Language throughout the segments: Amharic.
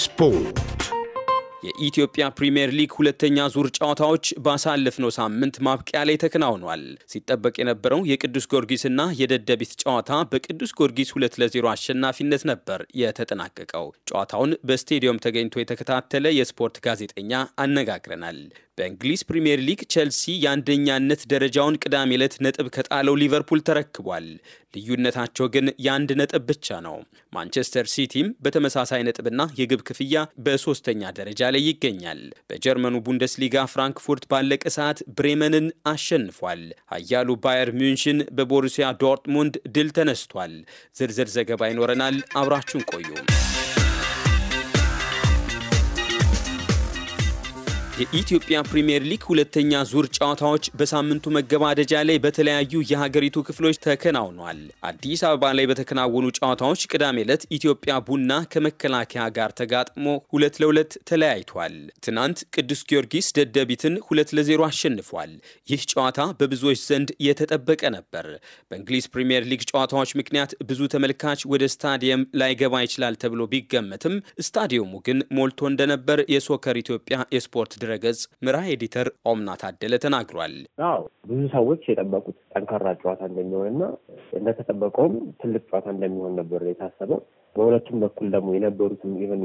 ስፖርት የኢትዮጵያ ፕሪምየር ሊግ ሁለተኛ ዙር ጨዋታዎች ባሳለፍነው ሳምንት ማብቂያ ላይ ተከናውኗል። ሲጠበቅ የነበረው የቅዱስ ጊዮርጊስና የደደቢት ጨዋታ በቅዱስ ጊዮርጊስ ሁለት ለዜሮ አሸናፊነት ነበር የተጠናቀቀው። ጨዋታውን በስቴዲየም ተገኝቶ የተከታተለ የስፖርት ጋዜጠኛ አነጋግረናል። በእንግሊዝ ፕሪምየር ሊግ ቼልሲ የአንደኛነት ደረጃውን ቅዳሜ ዕለት ነጥብ ከጣለው ሊቨርፑል ተረክቧል። ልዩነታቸው ግን የአንድ ነጥብ ብቻ ነው። ማንቸስተር ሲቲም በተመሳሳይ ነጥብና የግብ ክፍያ በሶስተኛ ደረጃ ላይ ይገኛል። በጀርመኑ ቡንደስሊጋ ፍራንክፉርት ባለቀ ሰዓት ብሬመንን አሸንፏል። አያሉ ባየር ሚንሽን በቦሩሲያ ዶርትሙንድ ድል ተነስቷል። ዝርዝር ዘገባ ይኖረናል። አብራችሁን ቆዩ። የኢትዮጵያ ፕሪምየር ሊግ ሁለተኛ ዙር ጨዋታዎች በሳምንቱ መገባደጃ ላይ በተለያዩ የሀገሪቱ ክፍሎች ተከናውኗል። አዲስ አበባ ላይ በተከናወኑ ጨዋታዎች ቅዳሜ ዕለት ኢትዮጵያ ቡና ከመከላከያ ጋር ተጋጥሞ ሁለት ለሁለት ተለያይቷል። ትናንት ቅዱስ ጊዮርጊስ ደደቢትን ሁለት ለዜሮ አሸንፏል። ይህ ጨዋታ በብዙዎች ዘንድ የተጠበቀ ነበር። በእንግሊዝ ፕሪምየር ሊግ ጨዋታዎች ምክንያት ብዙ ተመልካች ወደ ስታዲየም ላይገባ ይችላል ተብሎ ቢገመትም ስታዲየሙ ግን ሞልቶ እንደነበር የሶከር ኢትዮጵያ የስፖርት ድረገጽ ምራ ኤዲተር ኦምና ታደለ ተናግሯል። አዎ ብዙ ሰዎች የጠበቁት ጠንካራ ጨዋታ እንደሚሆንና እንደተጠበቀውም ትልቅ ጨዋታ እንደሚሆን ነበር የታሰበው። በሁለቱም በኩል ደግሞ የነበሩትም ኢቨን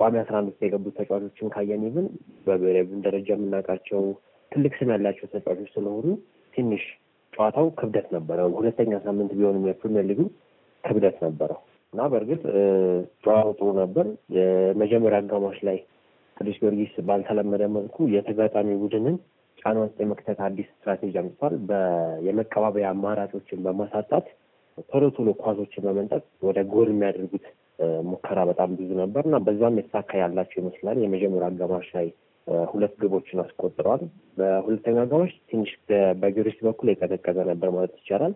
ቋሚ አስራ አምስት የገቡት ተጫዋቾችን ካየን ኢቨን በብሔራዊ ቡድን ደረጃ የምናውቃቸው ትልቅ ስም ያላቸው ተጫዋቾች ስለሆኑ ትንሽ ጨዋታው ክብደት ነበረው። ሁለተኛ ሳምንት ቢሆንም የፕሪሚየር ሊጉ ክብደት ነበረው እና በእርግጥ ጨዋታው ጥሩ ነበር። የመጀመሪያ አጋማሽ ላይ ቅዱስ ጊዮርጊስ ባልተለመደ መልኩ የተጋጣሚ ቡድንን ጫና ውስጥ የመክተት አዲስ ስትራቴጂ አምጥቷል። የመቀባበያ አማራጮችን በማሳጣት ቶሎ ቶሎ ኳሶችን በመንጠቅ ወደ ጎል የሚያደርጉት ሙከራ በጣም ብዙ ነበር እና በዛም የተሳካ ያላቸው ይመስላል። የመጀመሪያ አጋማሽ ላይ ሁለት ግቦችን አስቆጥረዋል። በሁለተኛ አጋማሽ ትንሽ በጊዮርጊስ በኩል የቀዘቀዘ ነበር ማለት ይቻላል።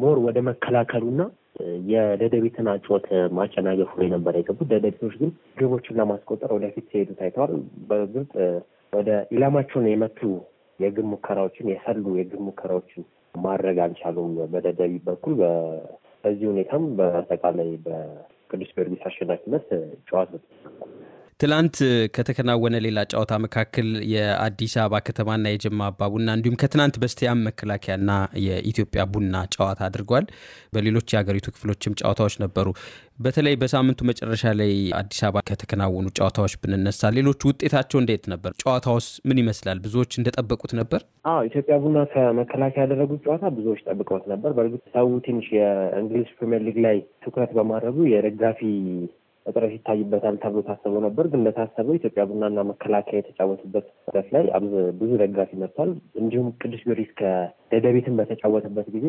ሞር ወደ መከላከሉና የደደቤትን አጭወት ማጨናገፉ ላይ ነበር የገቡት። ደደቤቶች ግን ግቦችን ለማስቆጠር ወደፊት ሲሄዱ ታይተዋል። በግልጽ ወደ ኢላማቸውን የመቱ የግብ ሙከራዎችን የሰሉ የግብ ሙከራዎችን ማድረግ አልቻሉም በደደቢት በኩል። በዚህ ሁኔታም በአጠቃላይ በቅዱስ ጊዮርጊስ አሸናፊነት ጨዋታ ትላንት ከተከናወነ ሌላ ጨዋታ መካከል የአዲስ አበባ ከተማና የጀማ አባ ቡና እንዲሁም ከትናንት በስቲያም መከላከያና የኢትዮጵያ ቡና ጨዋታ አድርጓል። በሌሎች የሀገሪቱ ክፍሎችም ጨዋታዎች ነበሩ። በተለይ በሳምንቱ መጨረሻ ላይ አዲስ አበባ ከተከናወኑ ጨዋታዎች ብንነሳ ሌሎቹ ውጤታቸው እንዴት ነበር? ጨዋታውስ ምን ይመስላል? ብዙዎች እንደጠበቁት ነበር? አዎ ኢትዮጵያ ቡና ከመከላከያ ያደረጉት ጨዋታ ብዙዎች ጠብቀውት ነበር። በእርግጥ ሰው ትንሽ የእንግሊዝ ፕሪምየር ሊግ ላይ ትኩረት በማድረጉ የደጋፊ እጥረት ይታይበታል ተብሎ ታሰበው ነበር። ግን እንደታሰበው ኢትዮጵያ ቡናና መከላከያ የተጫወቱበት ሂደት ላይ ብዙ ደጋፊ መጥቷል። እንዲሁም ቅዱስ ጊዮርጊስ ከደደቢትን በተጫወተበት ጊዜ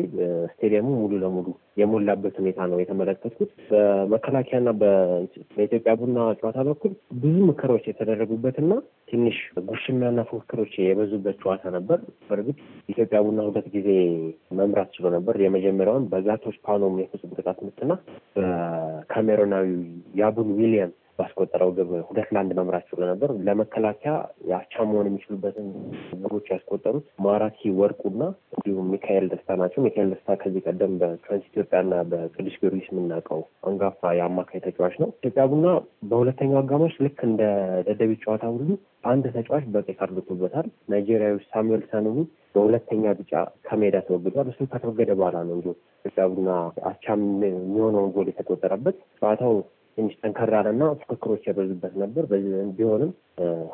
ስቴዲየሙ ሙሉ ለሙሉ የሞላበት ሁኔታ ነው የተመለከትኩት። በመከላከያና በኢትዮጵያ ቡና ጨዋታ በኩል ብዙ ምክሮች የተደረጉበትና ትንሽ ጉሽሚያና ፉክክሮች የበዙበት ጨዋታ ነበር። በእርግጥ ኢትዮጵያ ቡና ሁለት ጊዜ መምራት ችሎ ነበር። የመጀመሪያውን በዛቶች ፓኖም የፍጹም ቅጣት ምትና በካሜሮናዊ ጃቡን ዊሊያም ባስቆጠረው ግብ ሁለት ለአንድ መምራት ችሎ ነበር። ለመከላከያ የአቻ መሆን የሚችሉበትን ግቦች ያስቆጠሩት ማራኪ ወርቁና እንዲሁም ሚካኤል ደስታ ናቸው። ሚካኤል ደስታ ከዚህ ቀደም በትራንስ ኢትዮጵያና በቅዱስ ጊዮርጊስ የምናውቀው አንጋፋ የአማካይ ተጫዋች ነው። ኢትዮጵያ ቡና በሁለተኛው አጋማሽ ልክ እንደ ደደቢት ጨዋታ ሁሉ አንድ ተጫዋች በቀይ ካርድ ወጥቶበታል። ናይጄሪያዊ ሳሙኤል ሳኑሚ በሁለተኛ ቢጫ ከሜዳ ተወግዷል። እሱ ከተወገደ በኋላ ነው እንጂ ኢትዮጵያ ቡና አቻ የሚሆነውን ጎል የተቆጠረበት ጨዋታው ትንሽ ጠንከር ያለና ፉክክሮች የበዙበት ነበር። ቢሆንም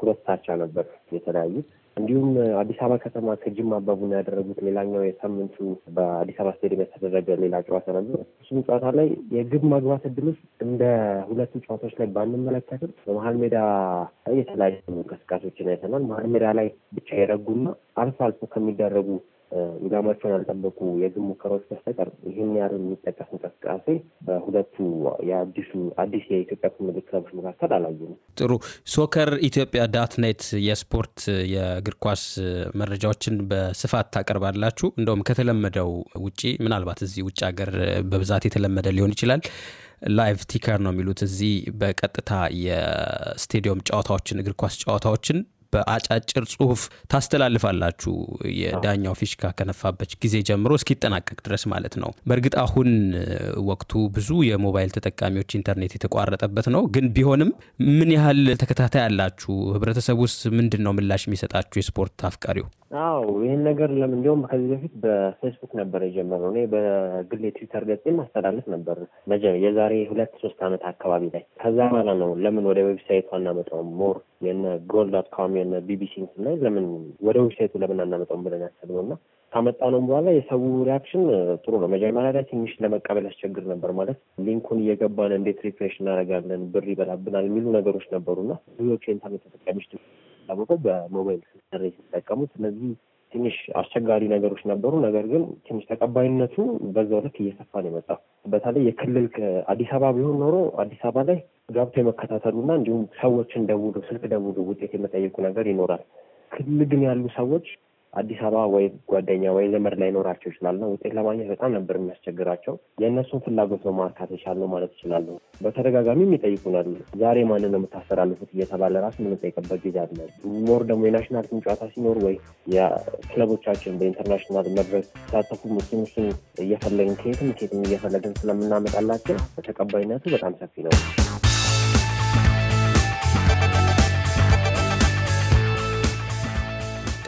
ሁለት አቻ ነበር የተለያዩት። እንዲሁም አዲስ አበባ ከተማ ከጅማ አባ ያደረጉት ሌላኛው የሳምንቱ በአዲስ አበባ ስቴዲየም የተደረገ ሌላ ጨዋታ ነበር። እሱም ጨዋታ ላይ የግብ ማግባት ውስጥ እንደ ሁለቱ ጨዋታዎች ላይ ባንመለከትም በመሀል ሜዳ የተለያዩ እንቅስቃሴዎችን አይተናል። መሀል ሜዳ ላይ ብቻ የረጉና አልፎ አልፎ ከሚደረጉ ግምገማቸውን ያልጠበቁ የግብ ሙከራዎች በስተቀር ይህን ያህል የሚጠቀስ እንቅስቃሴ በሁለቱ የአዲሱ አዲስ የኢትዮጵያ ፕሪሚየር ሊግ ክለቦች መካከል አላየንም። ጥሩ ሶከር ኢትዮጵያ ዳትኔት የስፖርት የእግር ኳስ መረጃዎችን በስፋት ታቀርባላችሁ። እንደውም ከተለመደው ውጪ ምናልባት እዚህ ውጭ ሀገር በብዛት የተለመደ ሊሆን ይችላል ላይቭ ቲከር ነው የሚሉት እዚህ በቀጥታ የስቴዲየም ጨዋታዎችን እግር ኳስ ጨዋታዎችን በአጫጭር ጽሁፍ ታስተላልፋላችሁ የዳኛው ፊሽካ ከነፋበች ጊዜ ጀምሮ እስኪጠናቀቅ ድረስ ማለት ነው። በእርግጥ አሁን ወቅቱ ብዙ የሞባይል ተጠቃሚዎች ኢንተርኔት የተቋረጠበት ነው። ግን ቢሆንም ምን ያህል ተከታታይ አላችሁ? ህብረተሰብ ውስጥ ምንድን ነው ምላሽ የሚሰጣችሁ? የስፖርት አፍቃሪው አዎ ይህን ነገር ለምን እንዲሁም ከዚህ በፊት በፌስቡክ ነበር የጀመረው። እኔ በግል የትዊተር ገጽ ማስተላለፍ ነበር የዛሬ ሁለት ሶስት ዓመት አካባቢ ላይ። ከዛ በኋላ ነው ለምን ወደ ዌብሳይቱ አናመጣውም ሞር የነ ጎል ዳት ካም የነ ቢቢሲን ስናይ ለምን ወደ ዌብሳይቱ ለምን አናመጣውም ብለን ያሰብነው እና ካመጣ ነው በኋላ የሰው ሪያክሽን ጥሩ ነው። መጀመሪያ ላይ ትንሽ ለመቀበል ያስቸግር ነበር። ማለት ሊንኩን እየገባን እንዴት ሪፍሬሽ እናደርጋለን፣ ብር ይበላብናል የሚሉ ነገሮች ነበሩና ብዙዎች ኢንተርኔት ተጠቃሚዎች ለመቆ በሞባይል ስልክ ሲጠቀሙ ስለዚህ ትንሽ አስቸጋሪ ነገሮች ነበሩ። ነገር ግን ትንሽ ተቀባይነቱ በዛው ልክ እየሰፋ ነው የመጣው። በተለይ የክልል አዲስ አበባ ቢሆን ኖሮ አዲስ አበባ ላይ ገብቶ የመከታተሉና እንዲሁም ሰዎችን ደውሎ ስልክ ደውሎ ውጤት የመጠየቁ ነገር ይኖራል። ክልል ግን ያሉ ሰዎች አዲስ አበባ ወይ ጓደኛ ወይ ዘመድ ላይ ኖራቸው ይችላለ ውጤት ለማግኘት በጣም ነበር የሚያስቸግራቸው። የእነሱን ፍላጎት ነው ማርካት የቻልነው ማለት ይችላለሁ። በተደጋጋሚ የሚጠይቁናል። ዛሬ ማንን ነው የምታስተላልፉት እየተባለ ራሱ የምንጠይቅበት ጊዜ አለ። ሞር ደግሞ የናሽናል ቲም ጨዋታ ሲኖር ወይ የክለቦቻችን በኢንተርናሽናል መድረክ ሲሳተፉ ሙስሊሞችን እየፈለግን ከየትም ከየትም እየፈለግን ስለምናመጣላቸው ተቀባይነቱ በጣም ሰፊ ነው።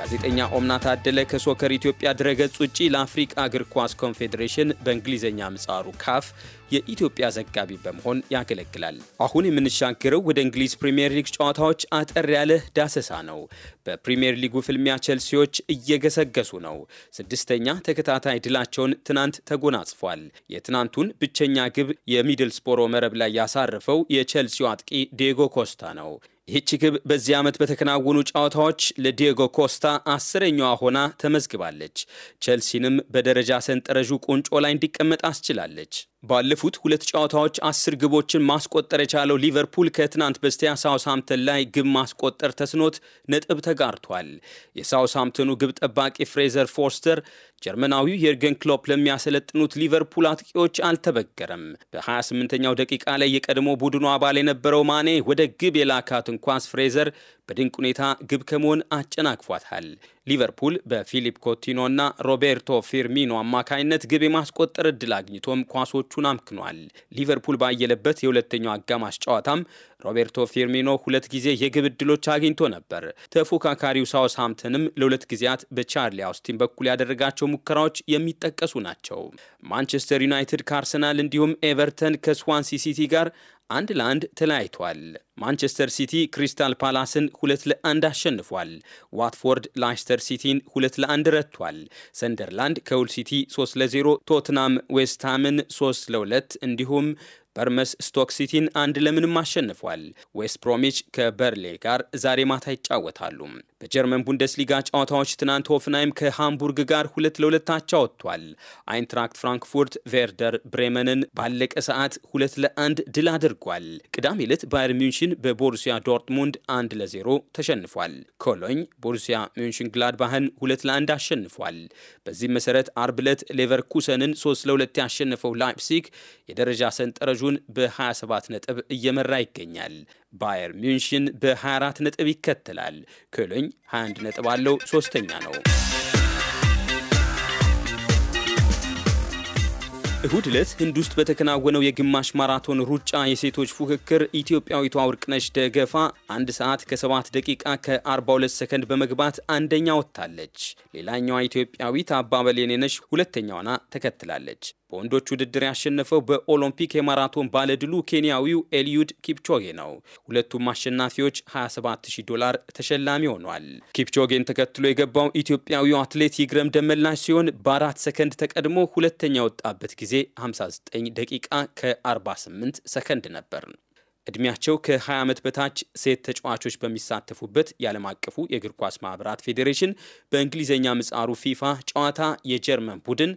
ጋዜጠኛ ኦምና ታደለ ከሶከር ኢትዮጵያ ድረገጽ ውጪ ለአፍሪቃ እግር ኳስ ኮንፌዴሬሽን በእንግሊዝኛ ምጻሩ ካፍ የኢትዮጵያ ዘጋቢ በመሆን ያገለግላል። አሁን የምንሻገረው ወደ እንግሊዝ ፕሪምየር ሊግ ጨዋታዎች አጠር ያለ ዳሰሳ ነው። በፕሪምየር ሊጉ ፍልሚያ ቼልሲዎች እየገሰገሱ ነው። ስድስተኛ ተከታታይ ድላቸውን ትናንት ተጎናጽፏል። የትናንቱን ብቸኛ ግብ የሚድልስፖሮ መረብ ላይ ያሳረፈው የቼልሲው አጥቂ ዴጎ ኮስታ ነው። ይህች ግብ በዚህ ዓመት በተከናወኑ ጨዋታዎች ለዲየጎ ኮስታ አስረኛዋ ሆና ተመዝግባለች። ቼልሲንም በደረጃ ሰንጠረዡ ቁንጮ ላይ እንዲቀመጥ አስችላለች። ባለፉት ሁለት ጨዋታዎች አስር ግቦችን ማስቆጠር የቻለው ሊቨርፑል ከትናንት በስቲያ ሳውስሃምተን ላይ ግብ ማስቆጠር ተስኖት ነጥብ ተጋርቷል። የሳውስሃምተኑ ግብ ጠባቂ ፍሬዘር ፎርስተር ጀርመናዊው የርገን ክሎፕ ለሚያሰለጥኑት ሊቨርፑል አጥቂዎች አልተበገረም። በ28ኛው ደቂቃ ላይ የቀድሞ ቡድኑ አባል የነበረው ማኔ ወደ ግብ የላካትን ኳስ ፍሬዘር በድንቅ ሁኔታ ግብ ከመሆን አጨናቅፏታል። ሊቨርፑል በፊሊፕ ኮቲኖና ሮቤርቶ ፊርሚኖ አማካይነት ግብ የማስቆጠር እድል አግኝቶም ኳሶቹን አምክኗል። ሊቨርፑል ባየለበት የሁለተኛው አጋማሽ ጨዋታም ሮቤርቶ ፊርሚኖ ሁለት ጊዜ የግብ እድሎች አግኝቶ ነበር። ተፎካካሪው ሃምተንም ለሁለት ጊዜያት በቻርሊ አውስቲን በኩል ያደረጋቸው ሙከራዎች የሚጠቀሱ ናቸው። ማንቸስተር ዩናይትድ ከአርሰናል እንዲሁም ኤቨርተን ከስዋንሲ ሲቲ ጋር አንድ ለአንድ ተለያይቷል። ማንቸስተር ሲቲ ክሪስታል ፓላስን ሁለት ለአንድ አሸንፏል። ዋትፎርድ ላይስተር ሲቲን ሁለት ለአንድ ረቷል። ሰንደርላንድ ከውል ሲቲ 3 ለ0፣ ቶትናም ዌስትሃምን 3 ለ2፣ እንዲሁም በርመስ ስቶክ ሲቲን አንድ ለምንም አሸንፏል። ዌስት ብሮሚች ከበርሌ ጋር ዛሬ ማታ ይጫወታሉ። በጀርመን ቡንደስሊጋ ጨዋታዎች ትናንት ሆፍንሃይም ከሃምቡርግ ጋር ሁለት ለሁለት አቻ ወጥቷል። አይንትራክት ፍራንክፉርት ቬርደር ብሬመንን ባለቀ ሰዓት ሁለት ለአንድ ድል አድርጓል። ቅዳሜ ዕለት ባየር ሚንሽን በቦሩሲያ ዶርትሙንድ አንድ ለዜሮ ተሸንፏል። ኮሎኝ ቦሩሲያ ሚንሽን ግላድባህን ሁለት ለአንድ አሸንፏል። በዚህም መሰረት አርብ ዕለት ሌቨርኩሰንን ሶስት ለሁለት ያሸነፈው ላይፕሲክ የደረጃ ሰንጠረዡ ውድድሩን በ27 ነጥብ እየመራ ይገኛል። ባየር ሚንሽን በ24 ነጥብ ይከተላል። ኮሎኝ 21 ነጥብ አለው፣ ሶስተኛ ነው። እሁድ ዕለት ህንድ ውስጥ በተከናወነው የግማሽ ማራቶን ሩጫ የሴቶች ፉክክር ኢትዮጵያዊቷ ውርቅነሽ ደገፋ አንድ ሰዓት ከ7 ደቂቃ ከ42 ሰከንድ በመግባት አንደኛ ወጥታለች። ሌላኛዋ ኢትዮጵያዊት አባበል የኔነሽ ሁለተኛዋና ተከትላለች። በወንዶች ውድድር ያሸነፈው በኦሎምፒክ የማራቶን ባለድሉ ኬንያዊው ኤልዩድ ኪፕቾጌ ነው። ሁለቱም አሸናፊዎች 27000 ዶላር ተሸላሚ ሆኗል። ኪፕቾጌን ተከትሎ የገባው ኢትዮጵያዊው አትሌት ይግረም ደመላሽ ሲሆን በአራት ሰከንድ ተቀድሞ ሁለተኛ ወጣበት ጊዜ ጊዜ 59 ደቂቃ ከ48 ሰከንድ ነበር። እድሜያቸው ከ20 ዓመት በታች ሴት ተጫዋቾች በሚሳተፉበት የዓለም አቀፉ የእግር ኳስ ማኅበራት ፌዴሬሽን በእንግሊዝኛ ምጻሩ ፊፋ ጨዋታ የጀርመን ቡድን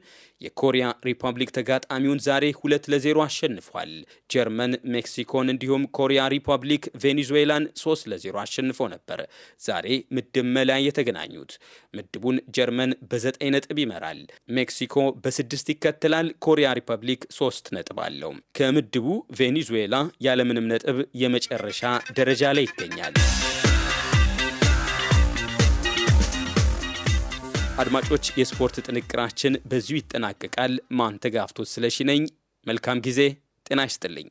የኮሪያ ሪፐብሊክ ተጋጣሚውን ዛሬ ሁለት ለዜሮ አሸንፏል። ጀርመን ሜክሲኮን፣ እንዲሁም ኮሪያ ሪፐብሊክ ቬኔዙዌላን ሶስት ለዜሮ አሸንፎ ነበር። ዛሬ ምድብ ላይ የተገናኙት ምድቡን ጀርመን በዘጠኝ ነጥብ ይመራል። ሜክሲኮ በስድስት ይከተላል። ኮሪያ ሪፐብሊክ ሶስት ነጥብ አለው። ከምድቡ ቬኔዙዌላ ያለምንም ነጥብ የመጨረሻ ደረጃ ላይ ይገኛል። አድማጮች፣ የስፖርት ጥንቅራችን በዚሁ ይጠናቀቃል። ማንተጋፍቶት ስለሺ ነኝ። መልካም ጊዜ። ጤና ይስጥልኝ።